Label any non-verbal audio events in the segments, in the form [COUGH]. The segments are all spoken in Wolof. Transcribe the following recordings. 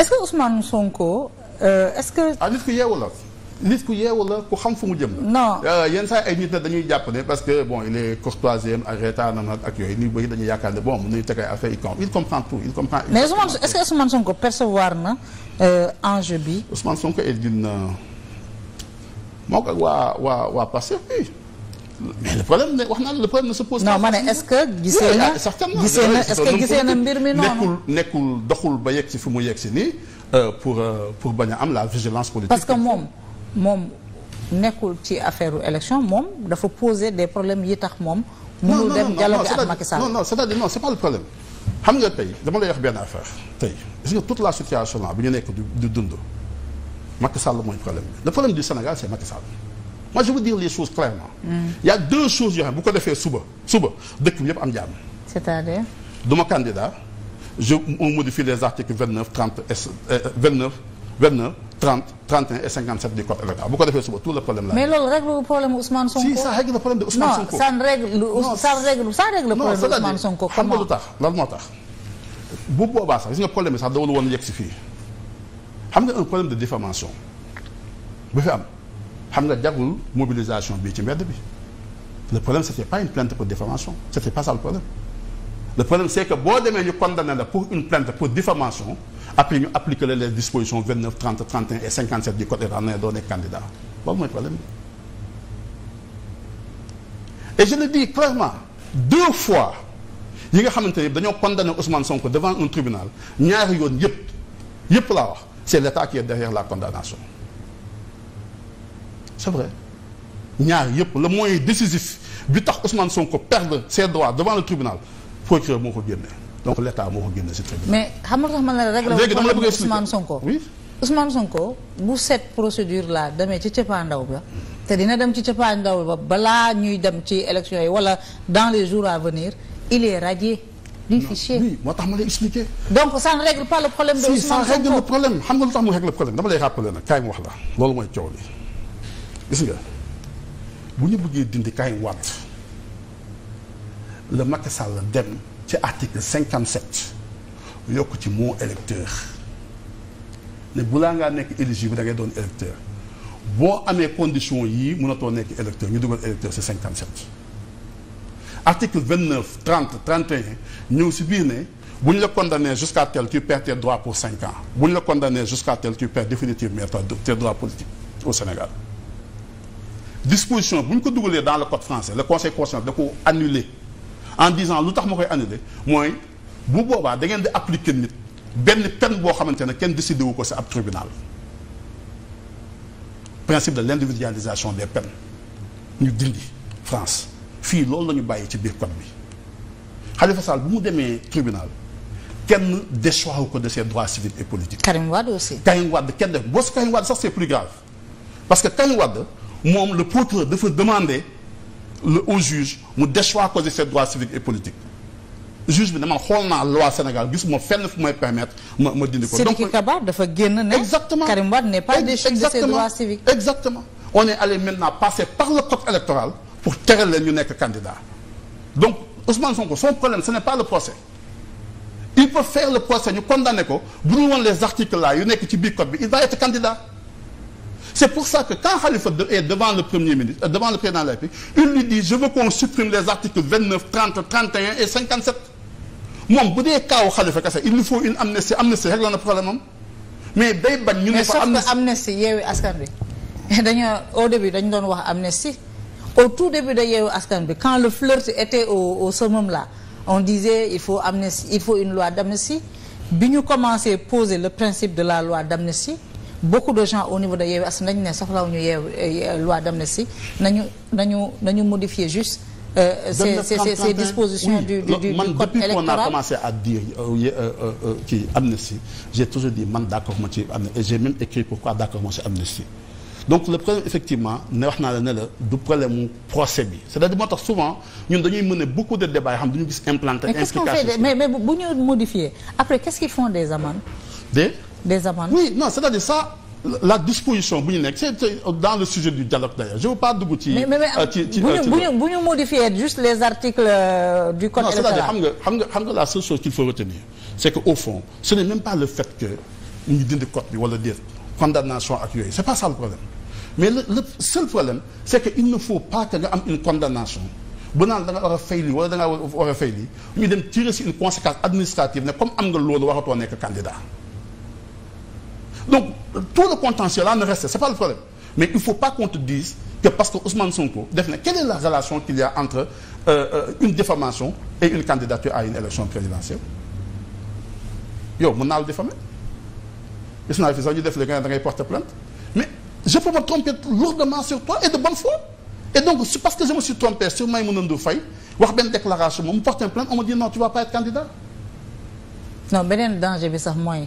est-ce que Ousmane Sonko euh, est-ce que. ah nit ku yeewu la nit ku yeewu la ku xam fu mu jëm la. non euh, yenn saa ay nit nag dañuy jàpp ne parce que bon il est courtoisième ak reetaanam ak yooyu nit bëri dañuy yaakaar ne bon mën nañu teg ay affaire il comprend il comprend. mais Ousmane est-ce que Ousmane Sonko percevoir na euh, enjeu bi. Ousmane Sonko est d'une moo ko waa waa waa passé oui. mais le wax naa la le problème ne se pose. non ma ne est-ce que gisee na ah, certainement gisee na est-ce que gisee na mbir mi noonu. nekkul doxul ba yegg si fi mu yegg si nii euh, pour euh, pour bañ a am la vigilance politique. parce que moom moom nekkul ci affaire élection moom dafa poser des problèmes yi tax moom. mënul dem dialogue ak Macky Sall non non cest pas le problème. xam nga tey dama la wax benn affaire tey gis nga toute la situation là bu ñu nekk du dund Macky Sall mooy problème bi le problème du Sénégal c'est Macky Sall. moi je veux dire les choses clairement. il y choses yoo xam bu ko defee suba suba dëkk bi yëpp am jàmm. c'est-à-dire. du ma candidat je on modifie les articles vingt neuf trente et euh, vingt neuf e neuf trente trente et un et cinquante sept du code électoral bu ko defee suba tout le problème là. mais loolu règle problème Ousmane Sonko. si ça règle le problème de Ousmane Sonko. non règle ça de Ousmane Sonko. xam nga lu tax lan moo tax. bu boobaa sax gis nga problème bi sax dawul woon yegg si fii xam nga un problème de diffamation bu fi am. xam nga jagul mobilisation bii ci mbedd bi le problème c'était pas une plainte pour diffamation c'était pas ça le problème le problème c'est que boo demee ñu condamné la pour une plainte pour diffamation après ñu appliquer les dispositions 29 30 31 et 57 du code iranien doo nekk candidat loolu mooy problème bi et je le dis clairement deux fois yi nga xamante ne dañoo condamné Ousmane Sonko devant un tribunal ñaari yoon yëpp yëpp laa wax c'est l'État qui est derrière la condamnation c'est vrai ñaar yëpp le mooy décisif bi tax Ousmane Sonko perdre ses droits devant le tribunal procureur moo ko génne donc l'État moo ko génne si tribunal. mais xam nga tax man la réglé wu Ousmane Sonko. oui Ousmane Sonko bu cette procédure là demee ci cëppaandaw ba. te dina dem ci cëppaandaw ba balaa ñuy dem ci élection yi wala dans les jours à venir il est radié. du fichier oui tax ma lay expliquer. donc ça règle pas le problème de Ousmane Sonko si ça xam nga lu tax mu règle problème dama lay rappeler nag kaay mu wax la loolu mooy coow li. gis nga bu ñu bëggee dindi kaay waat la Macky Sall dem ci article cinquante sept yokk ci mot électeur ne bulaa ngaa nekk éligible da ngay doon électeur boo amee condition yii mënatoo nekk électeur ñu dugal électeur ci cinquante sept article vingt neuf trente trente un ñëw si biir ne bu ñu la condamné jusqu'à tel ci per tes droits pour cinq ans bu ñu la condamné jusqu'à tel tu perds définitivement tes droits politiques au Sénégal disposition bu ñu ko dugalee dans le code français le conseil constitutionnel da ko annuler en disant lu tax ma koy annuler mooy bu boobaa da ngeen di appliquer nit benn peine boo xamante ne kenn décidé wu ko si ab tribunal principe de l'individualisation des peines ñu dindi France fii loolu la ñu bàyyi ci biir code bi Khalifa Sall bu mu demee tribunal kenn déchoir ko de ses droits civils et politiques. Karim Wade kenn def boo si Karim Wade sax c'est plus grave parce que Karim Wade. moom le procureur dafa demander le au juge mu déchoisir ses droits civiques et politiques juge bi ne man xool naa loi Sénégal gis ma fenn fu may permettre ma ma dindi ko. donc Sidiki Kaba dafa génn ne. exactement Karim Wade n'est pas déchu de ses droits civiques. exactement on est allé maintenant passer par le code électoral pour tere leen ñu nekk candidat donc Ousmane Sonko son problème ce n'est pas le procès. il peut faire le procès ko bu ñu woon les articles là yu nekk ci biir code bi il va C'est pour ça que quand Khalifa est devant le Premier ministre, euh, devant le président de la République, il lui dit je veux qu'on supprime les articles 29, 30, 31 et 57. moom bu dee kaaw Khalifa Kassé il nous faut une amnistie amnistie rek na problème am mais day bañ ñu ne ko amnistie mais askan bi [LAUGHS] dañoo au début dañ doon wax amnistie au tout début de yeewi askan bi quand le flirt était au au summum là on disait il faut amnistie il faut une loi d'amnistie bi ñu commencé poser le principe de la loi d'amnistie beaucoup de gens au niveau de Yewwi Askan nañu ne soxlawuñu yeew euh, loi d'amnistie nañu juste euh, ces dispositions du du man depuis qu'on a commencé à dire euh, kii amnistie j'ai toujours dit man d'accord ma ci amnistie et j'ai même écrit pourquoi d'accord ma ci amnistie donc le problème effectivement ne wax naa la ne la du problème mu procès bi c'est-à-dire moo tax souvent ñun dañuy mener beaucoup de débats yoo xam duñu gis implanté mais qu'est-ce qu'ils font des amendes des des amendes oui non c'est-à-dire ça la disposition bu ñu nekk c'est dans le sujet du dialogue d'ailleurs je veux pas dugg ci. Euh, ci ci bu euh, ñu bu ñu modifier juste les articles euh, du code électoral non c'est-à-dire xam nga xam nga xam nga la seule chose qu'il faut retenir c'est que au fond ce n'est même pas le fait que ñu dindi code bi wala déet condamnation ak yooyu c'est pas ça le problème mais le le seul problème c'est que il ne faut pas que nga am une condamnation ba naan da nga war a a fay lii dem tirer si une conséquence administrative ne comme am nga loolu waratoo nekk candidat donc tout le contentieux là ne reste c'est pas le problème mais il faut pas qu'on te dise que parce que Ousmane Sonko def na quelle est la relation qu'il y a entre euh, euh une diffamation et une candidature à une élection présidentielle yow mën naa la diffamer gis naa fi sax ñu def le nga ne da ngay porter mais je peux me tromper sur toi et de bonne foi et donc c'est parce que je me suis trompé sur Maïmouna Ndour Faye wax benn déclaration moom mu porter plainte on me dit non tu beneen danger bi sax mooy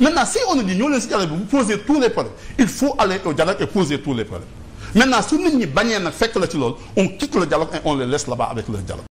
Maintenant, si on nous dit, nous, le dialogue, vous posez tous les problèmes, il faut aller au dialogue et tous les problèmes. Maintenant, si nous, nous, on quitte le dialogue et on les laisse avec le dialogue.